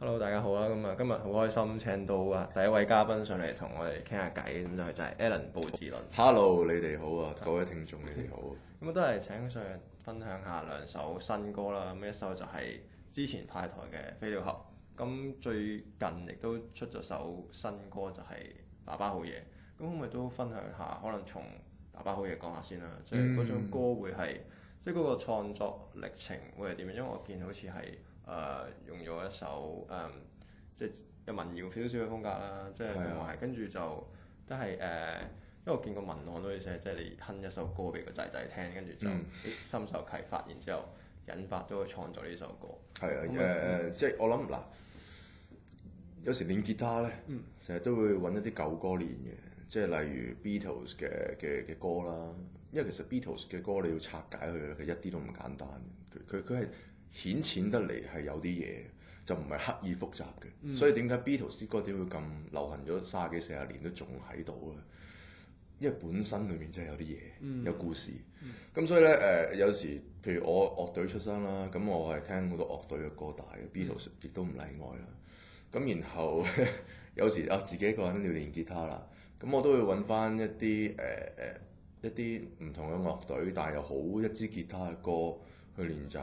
hello 大家好啦，咁啊今日好開心請到啊第一位嘉賓上嚟同我哋傾下偈，咁就係、係、就係 Allen 布志綸。Hello，你哋好啊，各位聽眾 Hello. 你哋好。咁啊都係請上分享下兩首新歌啦，咁一首就係之前派台嘅《飛鳥俠》，咁最近亦都出咗首新歌就係、係《爸爸好嘢》，咁可唔可以都分享下？可能從《爸爸好嘢》講下先啦，即係嗰種歌會係，即係嗰個創作歷程會係點樣？因為我見好似係。誒、呃、用咗一首誒、呃，即係民謠少少嘅風格啦，即係同埋跟住就都係誒，因為我見過文案都寫，即係你哼一首歌俾個仔仔聽，跟住就深受啟發，然之後引發到去創作呢首歌。係啊，誒即係我諗嗱，有時練吉他咧，成日都會揾一啲舊歌練嘅，即係例如 Beatles 嘅嘅嘅歌啦。因為其實 Beatles 嘅歌你要拆解佢咧，佢一啲都唔簡單，佢佢佢係。顯淺得嚟係有啲嘢，就唔係刻意複雜嘅。嗯、所以點解 Beatles 啲歌點會咁流行咗三十幾四十年都仲喺度咧？因為本身裏面真係有啲嘢，嗯、有故事。咁、嗯、所以咧誒、呃，有時譬如我樂隊出身啦，咁我係聽好多樂隊嘅歌大嘅 Beatles 亦、嗯、都唔例外啦。咁然後 有時啊，自己一個人要練吉他啦，咁我都會揾翻一啲誒誒一啲唔同嘅樂隊，但係又好一支吉他嘅歌去練習。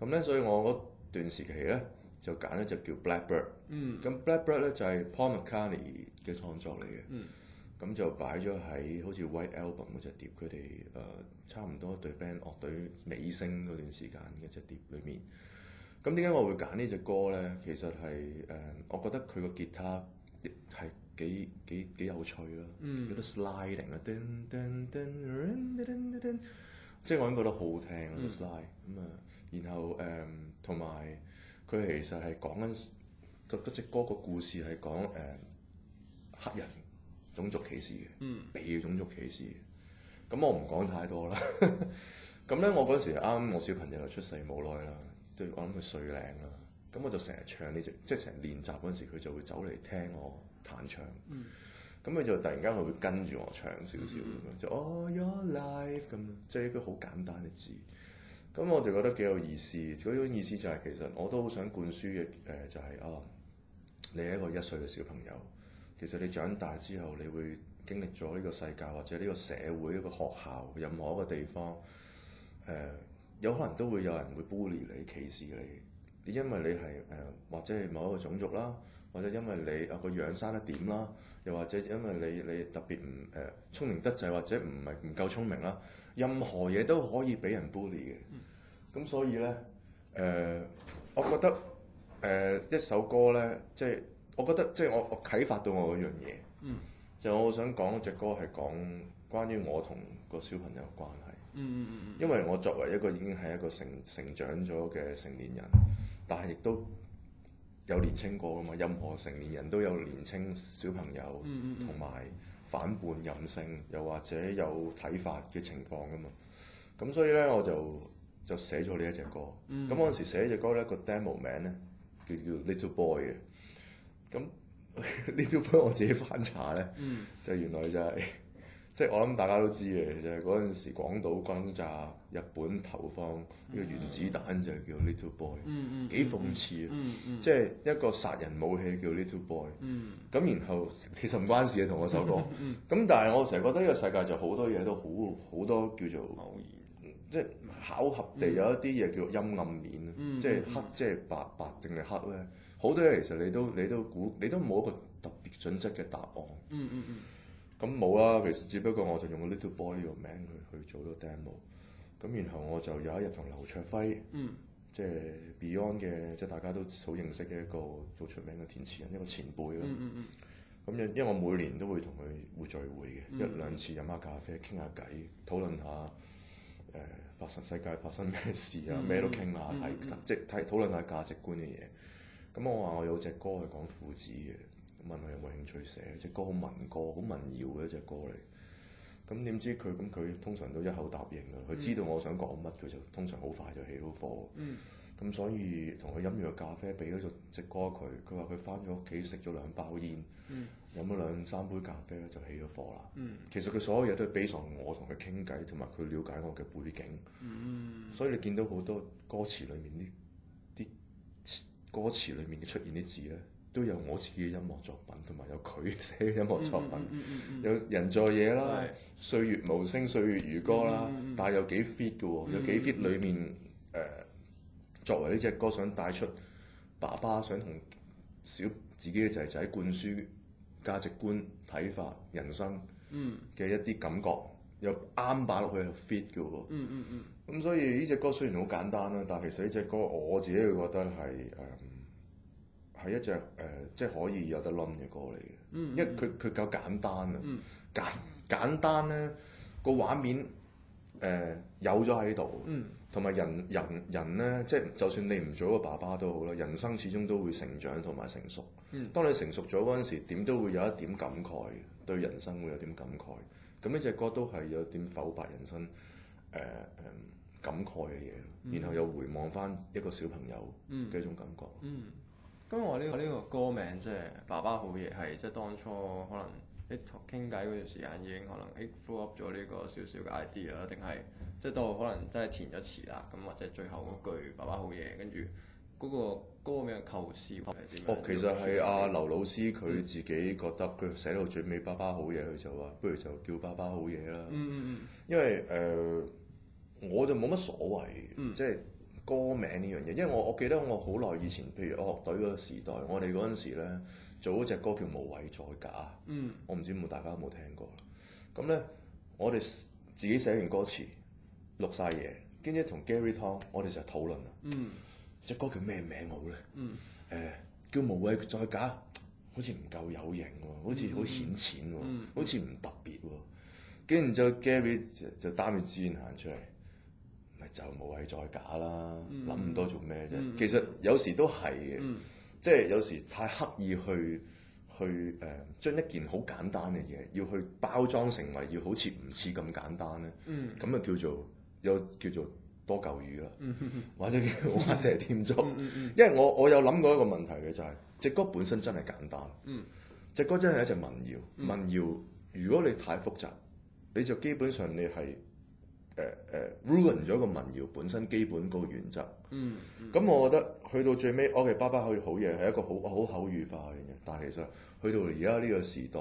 咁咧，所以我嗰段時期咧，就揀咗隻叫《Blackbird》。嗯。咁《Blackbird》咧就係 Paul McCartney 嘅創作嚟嘅。嗯。咁就擺咗喺好似《White Album》嗰隻碟，佢哋誒差唔多對 band 樂隊尾聲嗰段時間嘅隻碟裏面。咁點解我會揀呢隻歌咧？其實係誒，我覺得佢個吉他係幾幾幾有趣咯，有啲 sliding 啊。即係我已經覺得好好聽啊 slide 咁啊，然後誒同埋佢其實係講緊嗰隻歌個故事係講誒黑人種族歧視嘅，嗯、被種族歧視嘅。咁我唔講太多啦。咁 咧呢、嗯，我嗰時啱我小朋友就出世冇耐啦，對我諗佢歲零啦。咁我就成日唱呢隻，即係成日練習嗰陣時，佢就會走嚟聽我彈唱。嗯。咁佢就突然間佢會跟住我唱少少、mm hmm. 就 All Your Life 咁，即係、就是、一個好簡單嘅字。咁我就覺得幾有意思。主要意思就係、是、其實我都好想灌輸嘅誒，就係、是、哦，你係一個一歲嘅小朋友，其實你長大之後，你會經歷咗呢個世界或者呢個社會一個學校任何一個地方，誒、呃、有可能都會有人會 bully 你，歧視你。因為你係誒、呃，或者係某一個種族啦，或者因為你啊個樣生得點啦，又或者因為你你特別唔誒、呃、聰明得滯，或者唔係唔夠聰明啦，任何嘢都可以俾人 bully 嘅。咁、嗯、所以咧，誒、呃，我覺得誒、呃、一首歌咧，即、就、係、是、我覺得即係、就是、我我啟發到我嗰樣嘢。嗯。就我想講隻歌係講關於我同個小朋友關係。嗯嗯嗯。嗯嗯，因為我作為一個已經係一個成成長咗嘅成年人。但係亦都有年青過㗎嘛，任何成年人都有年青小朋友，同埋、嗯嗯嗯、反叛任性，又或者有睇法嘅情況㗎嘛。咁所以咧，我就就寫咗呢一隻歌。咁嗰陣時寫、那個、呢隻歌咧，個 demo 名咧叫叫 Little Boy 嘅。咁 Little Boy 我自己翻查咧，嗯、就原來就係、是。即係我諗大家都知嘅，嗯、就係嗰陣時廣島轟炸日本投放呢個原子彈就係叫 Little Boy，嗯嗯，幾諷刺啊！即係一個殺人武器叫 Little Boy。咁、嗯嗯、然後其實唔關事嘅同我首歌。咁、嗯嗯、但係我成日覺得呢個世界就好多嘢都好好多叫做偶然，即係巧合地有一啲嘢叫做陰暗面即係、嗯嗯、黑即係白白定係黑咧？好多嘢其實你都你都估，你都冇一個特別準則嘅答案。嗯嗯嗯嗯咁冇啦，其實只不過我就用個 Little Boy 呢個名去去做咗個 demo。咁然後我就有一日同劉卓輝，即係 Beyond 嘅，即係、就是、大家都好認識嘅一個好出名嘅填詞人，一個前輩咯。咁因、嗯嗯嗯、因為我每年都會同佢會聚會嘅，嗯、一兩次飲下咖啡傾下偈，討論下誒、呃、發生世界發生咩事啊，咩、嗯、都傾下睇，即係、嗯嗯嗯、討論下價值觀嘅嘢。咁我話我有隻歌係講父子嘅。問佢有冇興趣寫隻歌，好民歌、好民謠嘅一隻歌嚟。咁點知佢咁佢通常都一口答應啦。佢知道我想講乜，佢就通常好快就起到貨。咁、嗯、所以同佢飲完個咖啡，俾咗就隻歌佢。佢話佢返咗屋企食咗兩包煙，飲咗、嗯、兩三杯咖啡咧就起咗貨啦。嗯、其實佢所有嘢都係俾曬我同佢傾偈，同埋佢了解我嘅背景。嗯、所以你見到好多歌詞裡面啲啲歌詞裡面嘅出現啲字咧。都有我自己嘅音樂作品，同埋有佢寫嘅音樂作品，mm hmm. 有人在野啦，Right. 歲月無聲，歲月如歌啦，mm hmm. 但係有幾 fit 嘅喎，有幾 fit 裏面誒、mm hmm. 呃，作為呢隻歌想帶出爸爸想同小自己嘅仔仔灌輸價值觀、睇法、人生嘅一啲感覺，又啱擺落去又 fit 嘅喎。Mm hmm. 嗯嗯嗯。咁所以呢隻歌雖然好簡單啦，但係其實呢隻歌我自己會覺得係誒。呃係一隻誒、呃，即係可以有得拎嘅歌嚟嘅，嗯、因為佢佢夠簡單啊、嗯，簡簡單咧個畫面誒、呃、有咗喺度，同埋、嗯、人人人咧，即係就算你唔做個爸爸都好啦，人生始終都會成長同埋成熟。嗯、當你成熟咗嗰陣時，點都會有一點感慨嘅，對人生會有啲感慨。咁呢隻歌都係有啲剖白人生誒誒、呃、感慨嘅嘢，嗯、然後又回望返一個小朋友嘅一種感覺。嗯嗯嗯。咁我呢個呢個歌名即係《爸爸好嘢》，係即係當初可能啲傾偈嗰段時間已經可能啲 flow up 咗呢個少少嘅 idea 啦，定係即係都可能真係填咗詞啦，咁或者最後嗰句爸爸好嘢，跟住嗰個歌名構思係點樣？哦，其實係阿劉老師佢自己覺得佢寫到最尾、嗯、爸爸好嘢，佢就話不如就叫爸爸好嘢啦。嗯嗯嗯。因為誒、呃，我就冇乜所謂，嗯、即係。歌名呢樣嘢，因為我我記得我好耐以前，譬如樂隊嗰個時代，我哋嗰陣時咧做嗰隻歌叫《無謂再假》，嗯、我唔知冇大家有冇聽過？咁咧，我哋自己寫完歌詞，錄晒嘢，跟住同 Gary Tong 我哋就討論啊，隻、嗯、歌叫咩名好咧？誒、嗯欸，叫《無謂再假》，好似唔夠有型喎，好似好顯淺喎，嗯、好似唔特別喎，跟住就 Gary 就就擔住資源行出嚟。就冇位再假啦！諗多做咩啫？不嗯、其實有時都係，即係、嗯、有時太刻意去去誒、呃，將一件好簡單嘅嘢，要去包裝成為要好似唔似咁簡單咧。咁啊、嗯嗯、叫做又叫做多嚿魚啦，或者叫畫蛇添足。嗯、 因為我我有諗過一個問題嘅就係、是，隻、這個、歌本身真係簡單。隻、嗯、歌真係一隻民謠，民謠如果你太複雜，你就基本上你係。你誒誒、呃、ruin 咗個民謠本身基本嗰個原則、嗯。嗯，咁我覺得去到最尾，我嘅爸爸可以好嘢，係一個好好口語化嘅嘢。但係其實去到而家呢個時代、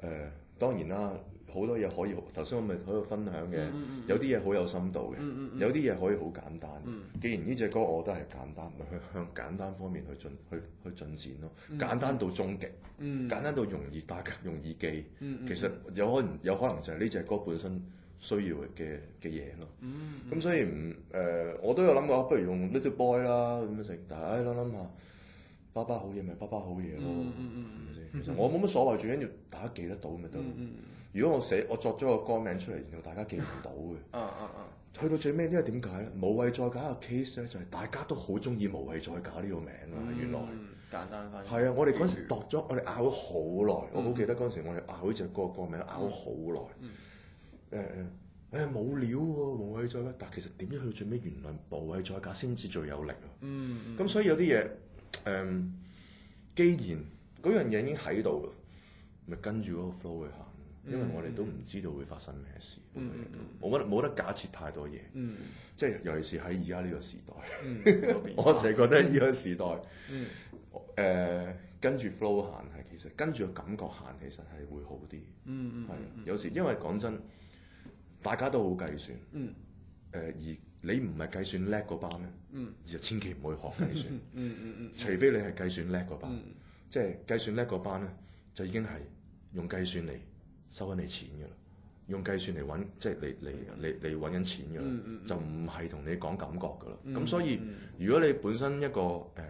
呃，誒當然啦，好多嘢可以。頭先我咪喺度分享嘅，有啲嘢好有深度嘅，有啲嘢可以好簡單。既然呢隻歌，我都係簡單，咪去向簡單方面去進去去進展咯。簡單到終極，簡單到容易大家容易記。其實有可能有可能就係呢隻歌本身。需要嘅嘅嘢咯，咁所以唔誒，我都有諗過，不如用 Little Boy 啦，咁樣食。但係誒諗諗下，爸爸好嘢咪爸爸好嘢咯，其實我冇乜所謂，最緊要大家記得到咪得咯。如果我寫我作咗個歌名出嚟，然後大家記唔到嘅，去到最尾呢個點解咧？無謂再搞個 case 咧，就係大家都好中意無謂再搞呢個名啊！原來簡單返，係啊！我哋嗰時度咗，我哋拗咗好耐。我好記得嗰時我哋拗呢隻歌歌名拗咗好耐。誒誒，誒冇料喎，無謂再加。但其實點樣去最尾，原來無謂再加先至最有力啊！嗯，咁所以有啲嘢誒，既然嗰樣嘢已經喺度啦，咪跟住嗰個 flow 去行，因為我哋都唔知道會發生咩事，我覺得冇得假設太多嘢。即係尤其是喺而家呢個時代，我成日覺得呢個時代誒跟住 flow 行係，其實跟住個感覺行其實係會好啲。嗯嗯，係有時因為講真。大家都好計算，誒、嗯、而你唔係計算叻個班咧，嗯、就千祈唔好學計算，嗯嗯嗯、除非你係計算叻個班，即係、嗯、計算叻個班咧，就已經係用計算嚟收緊你錢噶啦，用計算嚟揾即係你嚟嚟嚟嚟揾緊錢噶啦，就唔係同你講、嗯嗯、感覺噶啦。咁、嗯、所以如果你本身一個誒、呃、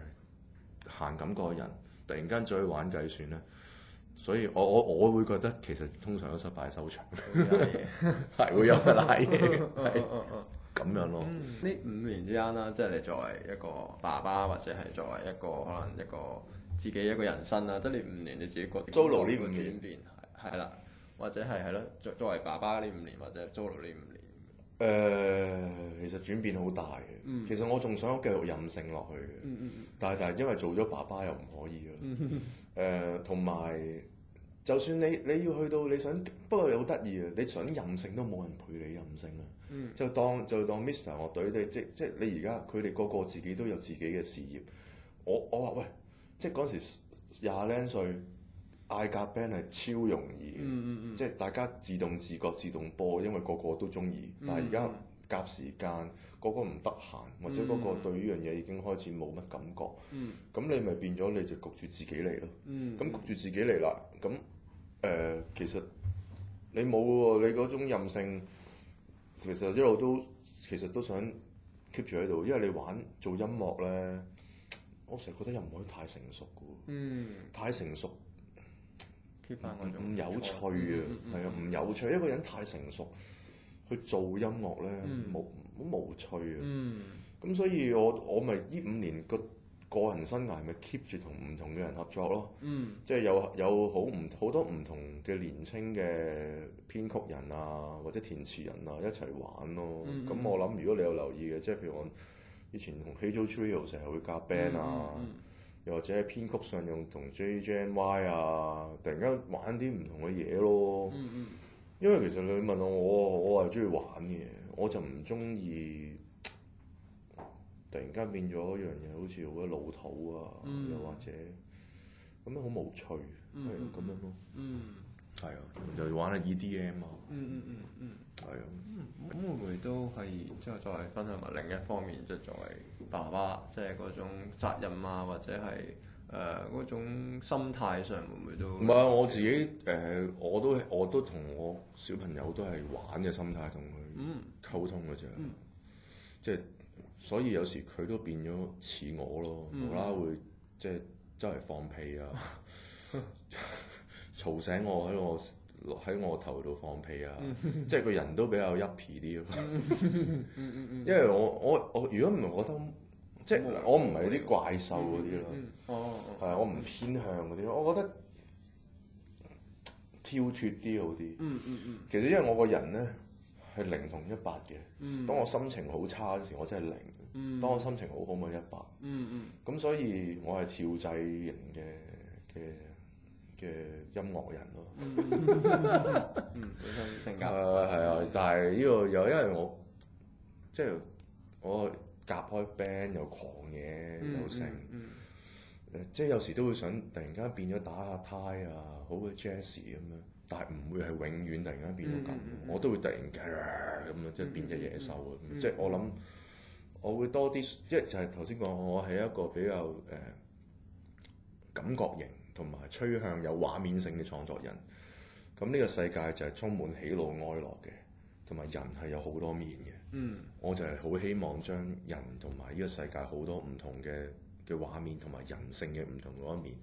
行感覺嘅人，突然間再去玩計算咧。所以我我我會覺得其實通常都失敗收場，係 會有賴嘢，係咁 樣咯。呢五年之間啦，即係你作為一個爸爸，或者係作為一個可能一個自己一個人生啦，即係呢五年你自己覺得？做落呢五年係啦，或者係係咯，作作為爸爸呢五年，或者做落呢五年。誒、呃，其實轉變好大嘅。嗯、其實我仲想繼續任性落去嘅、嗯嗯，但係但係因為做咗爸爸又唔可以咯。誒、嗯，同、嗯、埋、呃、就算你你要去到你想，不過你好得意啊！你想任性都冇人陪你任性啊、嗯。就當就當 Mr. 樂隊、就是就是、你即即你而家佢哋個個自己都有自己嘅事業。我我話喂，即、就、嗰、是、時廿零歲。大夾 band 係超容易，嗯嗯、即係大家自動自覺自動播，因為個個,個都中意。嗯、但係而家夾時間，個個唔得閒，或者嗰個,個對呢樣嘢已經開始冇乜感覺。咁、嗯嗯、你咪變咗，你就焗住自己嚟咯。咁焗住自己嚟啦。咁誒、呃，其實你冇喎，你嗰種任性其實一路都其實都想 keep 住喺度，因為你玩做音樂咧，我成日覺得又唔可以太成熟嘅喎，嗯、太成熟。唔有趣啊， 係啊，唔有趣。一個人太成熟去做音樂咧，無好無趣啊。咁、嗯、所以我，我我咪呢五年個個人生涯咪 keep 住同唔同嘅人合作咯。嗯、即係有有好唔好多唔同嘅年青嘅編曲人啊，或者填詞人啊，一齊玩咯。咁、嗯嗯嗯、我諗，如果你有留意嘅，即係譬如我以前同 Hazel Trio 成日會加 band 啊。嗯嗯嗯又或者喺編曲上用同 J J m Y 啊，突然間玩啲唔同嘅嘢咯。嗯嗯。嗯、因為其實你問我我我係中意玩嘅，我就唔中意突然間變咗一樣嘢，好似好鬼老土啊，嗯、又或者咁樣好無趣，係咁、嗯嗯、樣咯。嗯。係啊，又玩下 E D M 啊，嗯嗯嗯嗯，係啊，咁會唔會都係即係再分享埋另一方面，即係作為爸爸，即係嗰種責任啊，或者係誒嗰種心態上，會唔會都？唔係啊，我自己誒、呃，我都我都同我小朋友都係玩嘅心態同佢溝通嘅啫，即係所以有時佢都變咗似我咯，無啦啦會即係周圍放屁啊！嘈醒我喺我喺我頭度放屁啊！即係個人都比較 happy 啲啊，因為我我我如果唔覺得，即係我唔係啲怪獸嗰啲咯，係我唔是偏向嗰啲，我覺得跳脫啲好啲、嗯。嗯嗯嗯。其實因為我個人咧係零同一百嘅，嗯、當我心情好差嘅時，我真係零；嗯、當我心情好好咪一百、嗯。嗯嗯。咁所以我，我係跳掣型嘅嘅。嘅音樂人咯、um, 嗯， 性格啊，係啊，就係呢個又因為我即係、就是、我夾開 band 又狂嘢又盛，即係有時都會想突然間變咗打下胎啊，好似 jazz 咁樣，但係唔會係永遠突然間變到咁，我都會突然咁樣，即係變隻野獸啊，即係、um, um, um, 我諗我會多啲，即係就係頭先講，我係一個比較誒、呃、感覺型。同埋趨向有畫面性嘅創作人，咁呢個世界就係充滿喜怒哀樂嘅，同埋人係有好多面嘅。嗯，我就係好希望將人同埋呢個世界好多唔同嘅嘅畫面同埋人性嘅唔同嗰一面，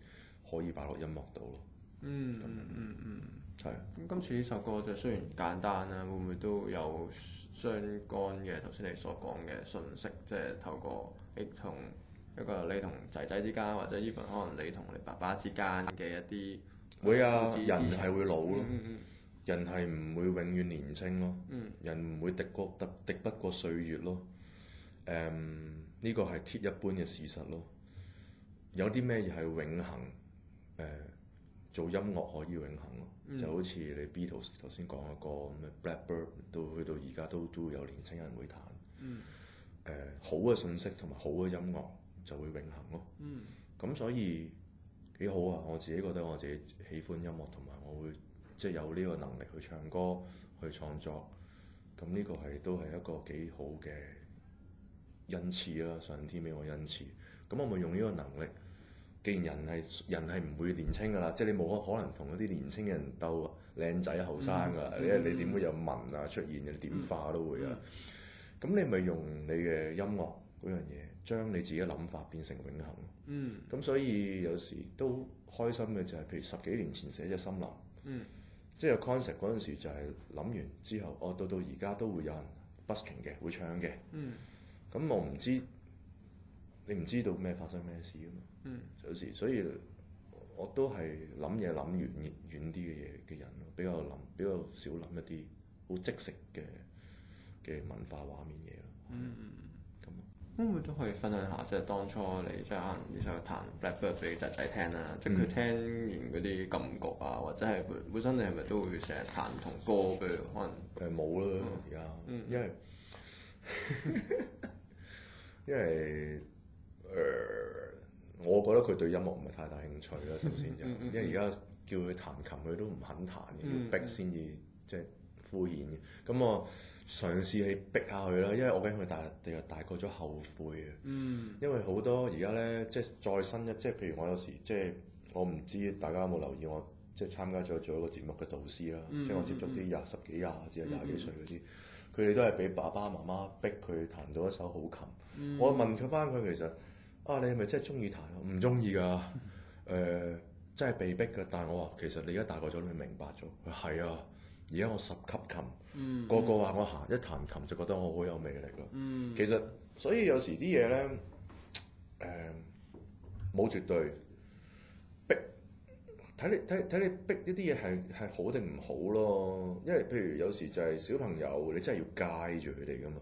可以擺落音樂度咯、嗯對嗯。嗯嗯嗯嗯，係是。咁今次呢首歌就雖然簡單啦，會唔會都有相關嘅頭先你所講嘅信息，即、就、係、是、透過同，一個你同仔仔之間，或者 even 可能你同你爸爸之間嘅一啲會啊，人係會老咯，嗯嗯人係唔會永遠年青咯，嗯、人唔會敵過得敵不過歲月咯。誒、嗯，呢個係鐵一般嘅事實咯。有啲咩嘢係永恆？誒、呃，做音樂可以永恆咯，嗯、就好似你 Beatles 頭先講嗰個咩 Blackbird 都去到而家都都有年青人會彈。誒、嗯呃，好嘅信息同埋好嘅音樂。就會永恆咯、啊。咁、嗯、所以幾好啊！我自己覺得我自己喜歡音樂，同埋我會即係、就是、有呢個能力去唱歌、去創作。咁呢個係都係一個幾好嘅恩賜啦，上天俾我恩賜。咁我咪用呢個能力。既然人係人係唔會年青噶啦，即、就、係、是、你冇可能同一啲年青人鬥靚仔後生噶。嗯、你、嗯、你點會有紋啊出現？點化都會啊。咁、嗯嗯、你咪用你嘅音樂嗰樣嘢。將你自己嘅諗法變成永恆咯。嗯，咁所以有時都好開心嘅就係，譬如十幾年前寫隻森林，嗯，即係 concept 嗰陣時就係諗完之後，我、哦、到到而家都會有人 busking 嘅，會唱嘅。嗯，咁我唔知，你唔知道咩發生咩事啊嘛。嗯，有時所以我都係諗嘢諗遠遠啲嘅嘢嘅人比較諗比較少諗一啲好即食嘅嘅文化畫面嘢咯、嗯。嗯。咁、嗯、我都可以分享下，即係當初你即係啱啱啲時候彈 Blackbird 俾仔仔聽啦，嗯、即係佢聽完嗰啲感覺啊，或者係本身你係咪都會成日彈同歌譬如，可能誒冇啦，而家、呃，嗯、因為 因為誒、呃，我覺得佢對音樂唔係太大興趣啦，首先就，嗯嗯嗯、因為而家叫佢彈琴佢都唔肯彈嘅，嗯嗯、要逼先至即係敷衍嘅，咁我。嘗試去逼下佢啦，因為我驚佢大，其實大個咗後悔啊。嗯、因為好多而家咧，即係再新一，即係譬如我有時即係我唔知大家有冇留意我，即係參加咗做一個節目嘅導師啦。嗯、即係我接觸啲廿十幾廿至廿幾歲嗰啲，佢哋、嗯、都係俾爸爸媽媽逼佢彈到一首好琴。嗯、我問佢返佢其實啊，你係咪真係鍾意彈啊？唔鍾意㗎。誒、 呃，真係被逼㗎。但係我話其實你而家大個咗你明白咗，係啊。而家我十級琴，嗯、個個話我行一彈琴就覺得我好有魅力咯。嗯、其實，所以有時啲嘢咧，誒、呃、冇絕對逼，睇你睇睇你逼一啲嘢係係好定唔好咯。因為譬如有時就係小朋友，你真係要戒住佢哋㗎嘛。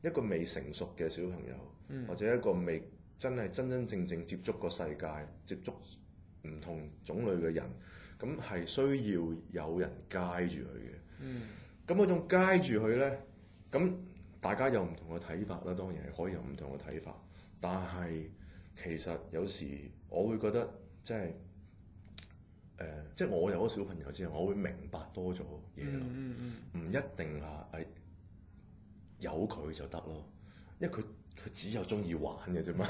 一個未成熟嘅小朋友，嗯、或者一個未真係真真正正接觸個世界、接觸唔同種類嘅人。咁係需要有人街住佢嘅，咁我仲街住佢咧，咁大家有唔同嘅睇法啦。當然係可以有唔同嘅睇法，但係其實有時我會覺得即係誒，即係、呃、我有咗小朋友之後，我會明白多咗嘢。唔、嗯嗯嗯、一定啊，係有佢就得咯，因為佢佢只有中意玩嘅啫嘛。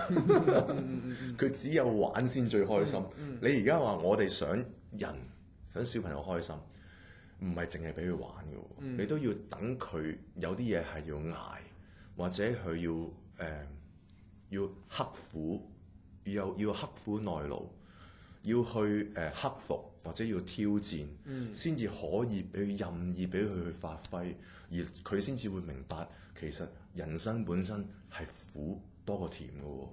佢只有玩先最開心。嗯嗯嗯，你而家話我哋想人想小朋友開心，唔係淨係俾佢玩嘅喎，嗯、你都要等佢有啲嘢係要捱，或者佢要誒、呃、要刻苦，又要刻苦耐勞，要去誒、呃、克服或者要挑戰，先至、嗯、可以俾佢任意俾佢去發揮，而佢先至會明白其實人生本身係苦多過甜嘅喎。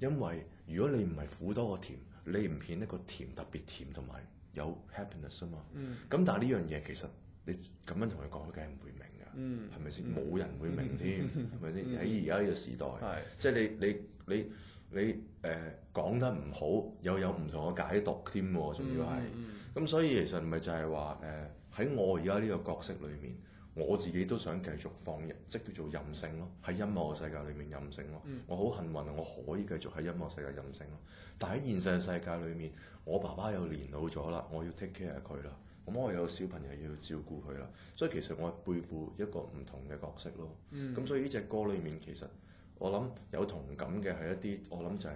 因為如果你唔係苦多過甜，你唔顯得個甜特別甜同埋。有 happiness 啊嘛，咁、嗯、但係呢樣嘢其實你咁樣同佢講，佢梗係唔會明㗎，係咪先？冇人會明添，係咪先？喺而家呢個時代，即係、嗯、你你你你誒講、呃、得唔好，又有唔同嘅解讀添，仲要係，咁、嗯嗯、所以其實咪就係話誒喺我而家呢個角色裏面。我自己都想繼續放任，即叫做任性咯，喺音樂世界裏面任性咯。Mm. 我好幸運啊，我可以繼續喺音樂世界任性咯。但喺現實世界裏面，我爸爸又年老咗啦，我要 take care 佢啦。咁我有小朋友要照顧佢啦，所以其實我係背負一個唔同嘅角色咯。咁、mm. 所以呢隻歌裏面，其實我諗有同感嘅係一啲，我諗就係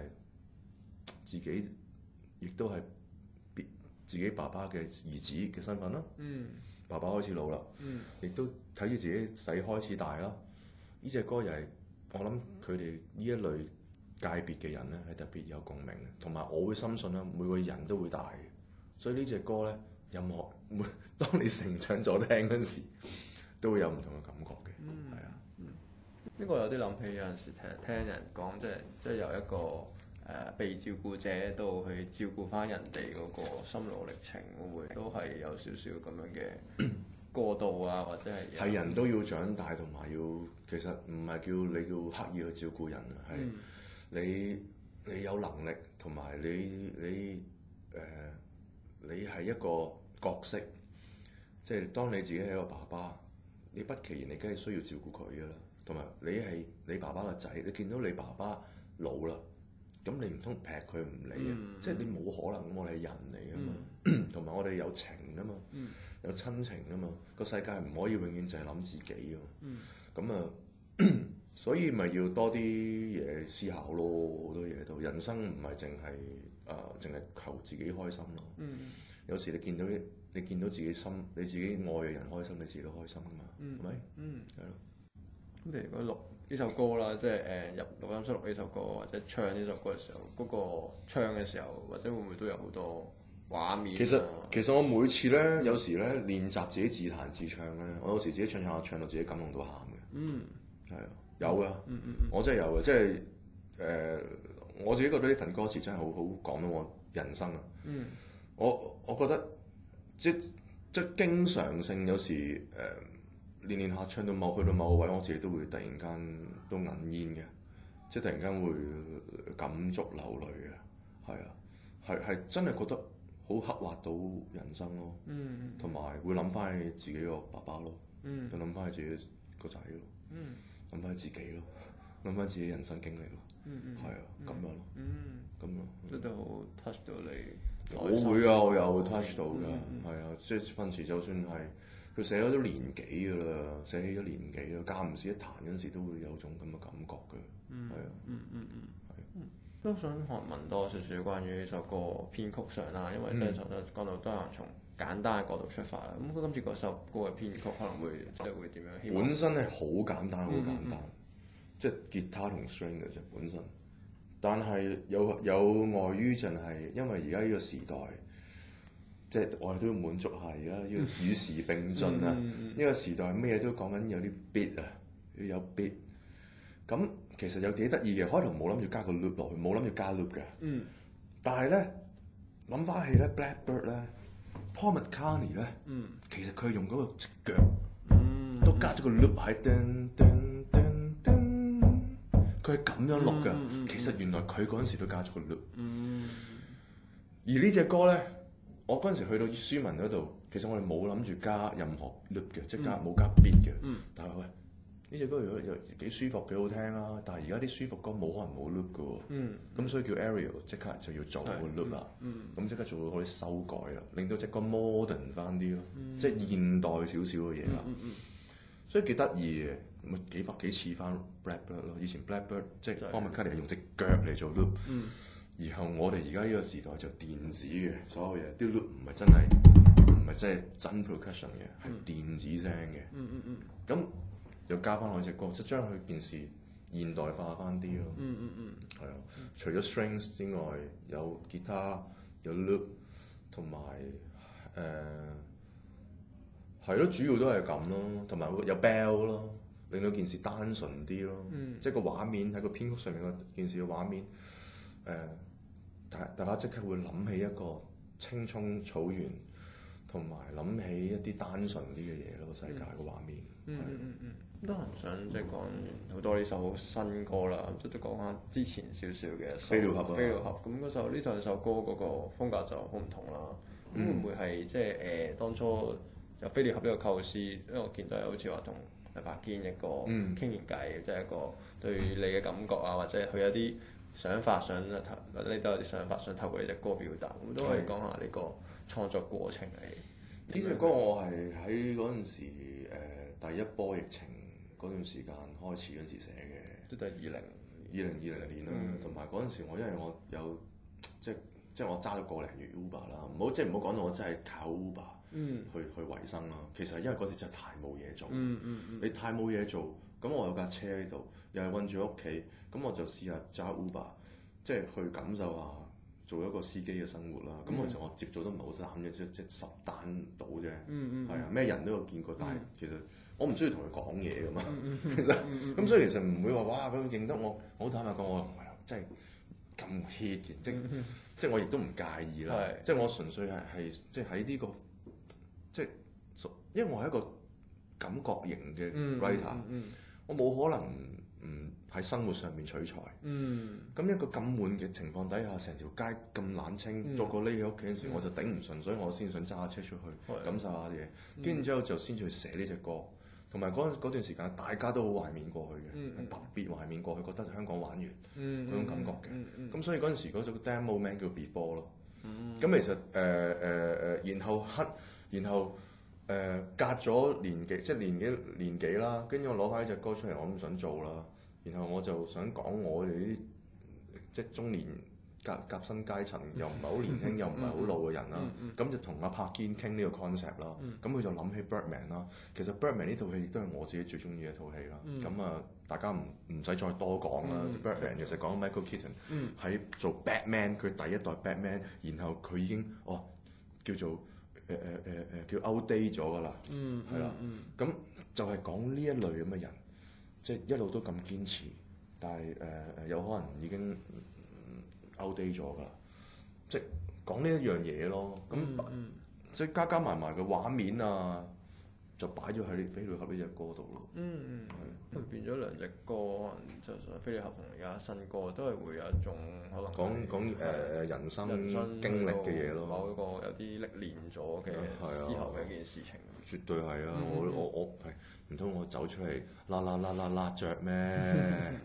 自己亦都係，自己爸爸嘅兒子嘅身份啦、啊，嗯、爸爸開始老啦，亦、嗯、都睇住自己仔開始大啦。呢隻、嗯、歌又係我諗佢哋呢一類界別嘅人咧係特別有共鳴嘅，同埋我會深信啦、啊、每個人都會大嘅。所以呢隻歌咧，任何每當你成長咗聽嗰時，都會有唔同嘅感覺嘅。係、嗯、啊，呢、嗯嗯、個有啲諗起有陣時聽聽人講，即係即係由一個。誒、啊、被照顧者到去照顧翻人哋嗰個心路歷程，會,會都係有少少咁樣嘅過渡啊，或者係人都要長大，同埋要其實唔係叫你要刻意去照顧人啊，係、嗯、你你有能力同埋你你誒、呃、你係一個角色，即、就、係、是、當你自己係一個爸爸，嗯、你不其然你梗係需要照顧佢噶啦，同埋你係你爸爸嘅仔，你見到你爸爸老啦。咁你唔通劈佢唔理啊？Mm. 即係你冇可能我哋係人嚟噶嘛，同埋、mm. 我哋有情噶嘛，mm. 有親情噶嘛，個世界唔可以永遠就係諗自己噶嘛。咁、mm. 啊， 所以咪要多啲嘢思考咯，好多嘢都，人生唔係淨係啊，呃、淨係求自己開心咯。Mm. 有時你見到你見到自己心，你自己愛嘅人開心，你自己都開心噶嘛，係咪？係咯。咁譬如講錄呢首歌啦，即係誒入錄音室錄呢首歌，或者唱呢首歌嘅時候，嗰、那個唱嘅時候，或者會唔會都有好多畫面啊？其實其實我每次咧，嗯、有時咧練習自己自彈自唱咧，我有時自己唱下唱到自己感動到喊嘅。嗯，係啊，有啊，嗯嗯嗯，我真係有嘅，即係誒，我自己覺得呢份歌詞真係好好講到我人生啊。嗯，我，我我覺得即即，即經常性有時誒。呃年年下唱到某去到某個位，我自己都會突然間都哽咽嘅，即係突然間會感觸流淚嘅，係啊，係係真係覺得好刻畫到人生咯、嗯嗯嗯，嗯，同埋會諗翻起自己個爸爸咯，嗯，又諗翻起自己個仔咯，嗯，諗翻自己咯，諗翻自己人生經歷咯，嗯嗯，係啊，咁樣咯，嗯，咁啊，都都好 touch 到你，我會啊，我有 touch 到㗎，係啊，即係分時就算係。佢寫咗咗年幾噶啦，寫起咗年幾啦，間唔時一彈嗰陣時都會有種咁嘅感覺嘅，係啊，嗯嗯嗯，都想學問多少少關於呢首歌編曲上啦，因為呢首都講到都係從簡單嘅角度出發啦，咁佢今次嗰首歌嘅編曲可能會即係會點樣？本身係好簡單，好簡單，即係吉他同弦嘅啫本身，但係有有礙於就係因為而家呢個時代。即係我哋都要滿足下，而家要與時並進啊！呢個、 嗯、時代咩嘢都講緊有啲 beat 啊，要有 beat。咁其實有幾得意嘅，開頭冇諗住加個 loop 落去，冇諗住加 loop 嘅。嗯、但係咧諗翻起咧，Blackbird 咧，Paul McCartney 咧，嗯、其實佢用嗰個腳、嗯、都加咗個 loop 喺叮叮叮叮。佢係咁樣錄㗎，嗯嗯嗯、其實原來佢嗰陣時都加咗個 loop、嗯。而呢隻歌咧。我嗰陣時去到舒文嗰度，其實我哋冇諗住加任何 loop 嘅，嗯、即加冇加 beat 嘅。嗯、但係喂，呢隻歌又又幾舒服幾好聽啦、啊。但係而家啲舒服歌冇可能冇 loop 噶喎。嗯。咁所以叫 Ariel，即刻就要做個 loop 啦、嗯。嗯。咁即刻做咗嗰啲修改啦，令到隻歌 modern 翻啲咯，嗯、即係現代少少嘅嘢啦。嗯嗯嗯嗯、所以幾得意嘅，咪幾百幾次翻 Blackbird 咯。以前 Blackbird 即係 Paul McCartney 係用隻腳嚟做 loop。然後我哋而家呢個時代就電子嘅所有嘢，啲 loop 唔係真係唔係真係真 percussion 嘅，係電子聲嘅、嗯。嗯嗯嗯。咁又加翻另一隻歌，就將佢件事現代化翻啲咯。嗯嗯嗯。係啊的，嗯、除咗 strings 之外，有吉他，有 loop，同埋誒，係、呃、咯，主要都係咁咯，同埋有，有 bell 咯，令到件事單純啲咯。即係個畫面喺個編曲上面個件事嘅畫面，誒、呃。呃大家即刻會諗起一個青蔥草原，同埋諗起一啲單純啲嘅嘢咯，世界嘅畫面。嗯嗯嗯，都係想即係講好多呢首新歌啦，即都講下之前少少嘅飛鳥俠啊。飛鳥俠咁首呢兩首歌嗰個風格就好唔同啦。咁、嗯、會唔會係即係誒、呃、當初有《飛鳥俠》呢個構思，因為我見到係好似話同黎柏堅一個傾完偈，即係、嗯、一,一個對你嘅感覺啊，或者佢一啲。想法想透，你都有啲想法想透過呢隻歌表達，咁都係講下呢個的創作過程嚟。呢隻歌我係喺嗰陣時、呃、第一波疫情嗰段時間開始嗰陣時寫嘅。都係二零二零二零年啦，同埋嗰陣時我因為我有即即我揸咗個零月 Uber 啦，唔好即係唔好講到我真係靠 Uber 去、嗯、去維生啦。其實因為嗰時真係太冇嘢做，嗯嗯嗯、你太冇嘢做。咁我有架車喺度，又係困住屋企，咁我就試下揸 Uber，即係去感受下做一個司機嘅生活啦。咁其實我接咗都唔係好慘啫，即係十單到啫。嗯係、mm hmm. 啊，咩人都有見過，mm hmm. 但係其實我唔需要同佢講嘢噶嘛。Mm hmm. 嗯咁所以其實唔會話哇，佢認得我。好坦白講，我唔係即係咁 hit 即即我亦都唔介意啦。即係、mm hmm. 我純粹係係即係喺呢個，即係，因為我係一個感覺型嘅 writer 我冇可能唔喺生活上面取材，咁一個咁悶嘅情況底下，成條街咁冷清，坐個匿喺屋企嗰陣時，我就頂唔順，所以我先想揸車出去感受下嘢，跟住之後就先至去寫呢隻歌，同埋嗰段時間大家都好懷緬過去嘅，特別懷緬過去覺得香港玩完嗰種感覺嘅，咁所以嗰陣時嗰種 demo m 名叫 Before 咯，咁其實誒誒誒，然後黑，然後。誒隔咗年幾，即係年幾年幾啦，跟住我攞翻呢隻歌出嚟，我唔想做啦。然後我就想講我哋呢，啲，即係中年、夾夾心階層，又唔係好年輕， 又唔係好老嘅人啦。咁、 嗯嗯、就同阿柏堅傾呢個 concept 啦。咁佢、嗯嗯、就諗起 Birdman 啦。其實 Birdman 呢套戲亦都係我自己最中意嘅套戲啦。咁啊，大家唔唔使再多講啦。嗯嗯 Birdman 其實講 Michael Keaton 喺、嗯嗯、做 Batman，佢第一代 Batman，然後佢已經哦叫做。哦哦叫做哦哦叫做誒誒誒誒叫 outdate 咗㗎啦，係啦、嗯嗯，咁就係講呢一類咁嘅人，即係一路都咁堅持，但係誒誒有可能已經 outdate 咗㗎啦，即係講呢一樣嘢咯，咁即係加加埋埋嘅畫面啊。就擺咗喺飛鳥俠呢隻歌度咯。嗯，咁變咗兩隻歌，可能即係飛鳥俠同而家新歌都係會有一種可能講講誒人生經歷嘅嘢咯。某一個有啲歷練咗嘅之後嘅一件事情。絕對係啊！我我我唔通我走出嚟啦啦啦啦着咩？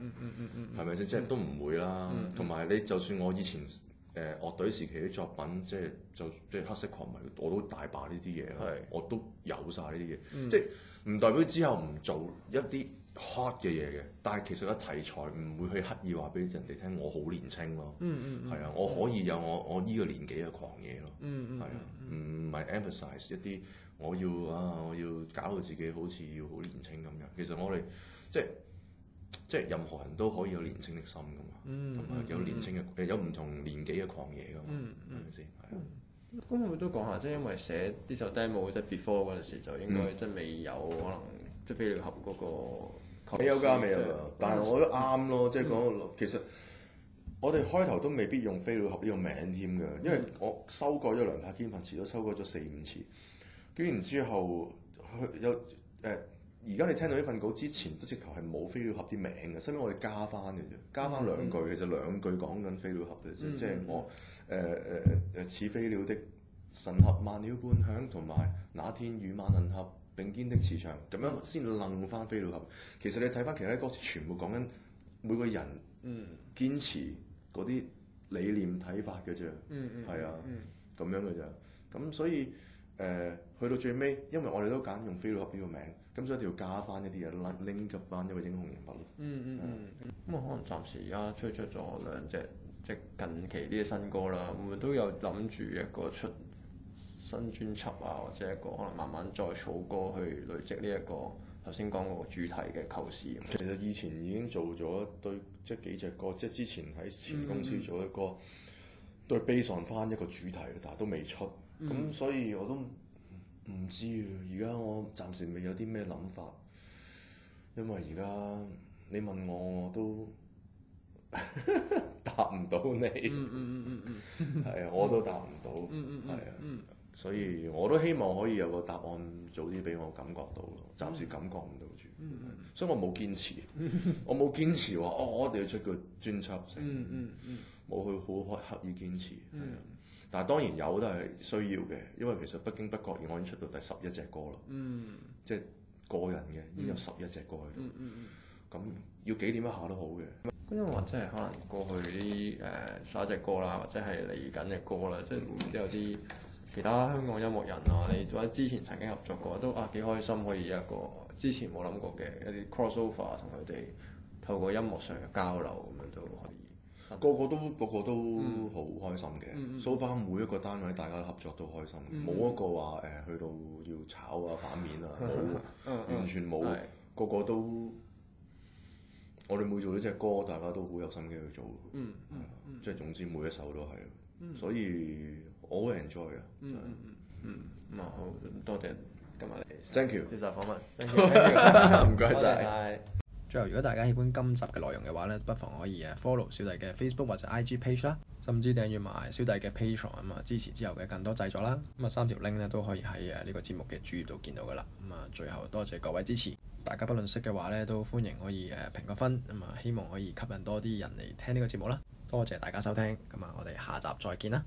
嗯係咪先？即係都唔會啦。同埋你就算我以前。誒樂隊時期啲作品，即係就即係黑色狂迷，我都大把呢啲嘢，是我都有晒呢啲嘢。嗯、即係唔代表之後唔做一啲 hot 嘅嘢嘅，但係其實個題材唔會去刻意話俾人哋聽，我好年輕咯。係、嗯嗯、啊，我可以有我我呢個年紀嘅狂野咯。係、嗯嗯嗯、啊，唔係 emphasize 一啲，我要啊，嗯、我要搞到自己好似要好年輕咁樣。其實我哋即係。即係任何人都可以有年輕的心噶嘛，同埋、嗯、有年輕嘅、嗯、有唔同年紀嘅狂野噶嘛，係咪先？咁我都講下，即係因為寫呢首 demo 即係 before 嗰陣時，嗯、就應該即係未有可能即係飛鳥俠嗰個，個，你有加未有，但係我都啱咯，即係講其實我哋開頭都未必用飛鳥俠呢個名添嘅，嗯、因為我修改咗兩拍鍵盤，至都修改咗四五次，改完之後佢有誒。嗯嗯嗯嗯嗯嗯嗯。而家你聽到呢份稿之前都直頭係冇飛鳥俠啲名嘅，所以我哋加翻嘅啫，加翻兩句，其實、嗯、兩句講緊飛鳥俠嘅啫，即係、嗯、我誒誒誒似飛鳥的神俠萬鳥伴響，同埋那天與萬能俠並肩的時長，咁樣先楞翻飛鳥俠。其實你睇翻其他歌詞全部講緊每個人堅持嗰啲理念睇法嘅啫、嗯，嗯、啊、嗯，係啊、嗯，咁樣嘅啫，咁所以。.誒、呃、去到最尾，因為我哋都揀用飛鳥俠呢個名，咁所以一定要加翻一啲嘢，link 翻一個英雄人物，嗯嗯嗯。咁我可能暫時而家推出咗兩隻，即係近期啲嘅新歌啦。咁啊都有諗住一個出新專輯啊，或者一個可能慢慢再儲歌去累積呢、這、一個頭先講個主題嘅構思。其實以前已經做咗一堆，即係幾隻歌，即係之前喺前公司做一個。嗯嗯都係悲喪翻一個主題，但係都未出，咁、嗯嗯、所以我都唔知啊。而家我暫時未有啲咩諗法，因為而家你問我我都 答唔到你。嗯啊、嗯嗯嗯， 我都答唔到。嗯係、嗯、啊、嗯嗯。所以我都希望可以有個答案早啲俾我感覺到咯。暫時感覺唔到住。嗯嗯嗯，所以我冇堅持。嗯嗯嗯 我冇堅持話哦，我哋要出個專輯先。嗯嗯，嗯嗯。冇去好刻意堅持，嗯、但係當然有都係需要嘅，因為其實不經不覺，而我已經出到第十一隻歌啦。嗯，即係個人嘅已經有十一隻歌去。嗯嗯，咁要幾點一下都好嘅。咁又或者係可能過去啲誒新一隻歌啦，或者係嚟緊嘅歌啦，即係都有啲其他香港音樂人啊，你或者之前曾經合作過都啊，幾開心可以一個之前冇諗過嘅一啲 cross over 同佢哋透過音樂上嘅交流咁樣都可以。個個都個個都好開心嘅，so 翻每一個單位，大家合作都開心，冇一個話誒去到要炒啊，反面啊，冇，完全冇，個個都。我哋每做一隻歌，大家都好有心機去做，嗯，即係總之每一首都係，所以我好 enjoy 嘅。嗯嗯咁啊好，多謝今日 thank you，謝謝訪問，thank you，唔該晒。最後，如果大家喜歡今集嘅內容嘅話咧，不妨可以啊 follow 小弟嘅 Facebook 或者 IG page 啦，甚至訂閱埋小弟嘅 Patreon 啊，支持之後嘅更多製作啦。咁啊，三條 link 咧都可以喺誒呢個節目嘅主頁度見到噶啦。咁啊，最後多謝各位支持，大家不論識嘅話咧，都歡迎可以誒評個分啊，希望可以吸引多啲人嚟聽呢個節目啦。多謝大家收聽，咁啊，我哋下集再見啦。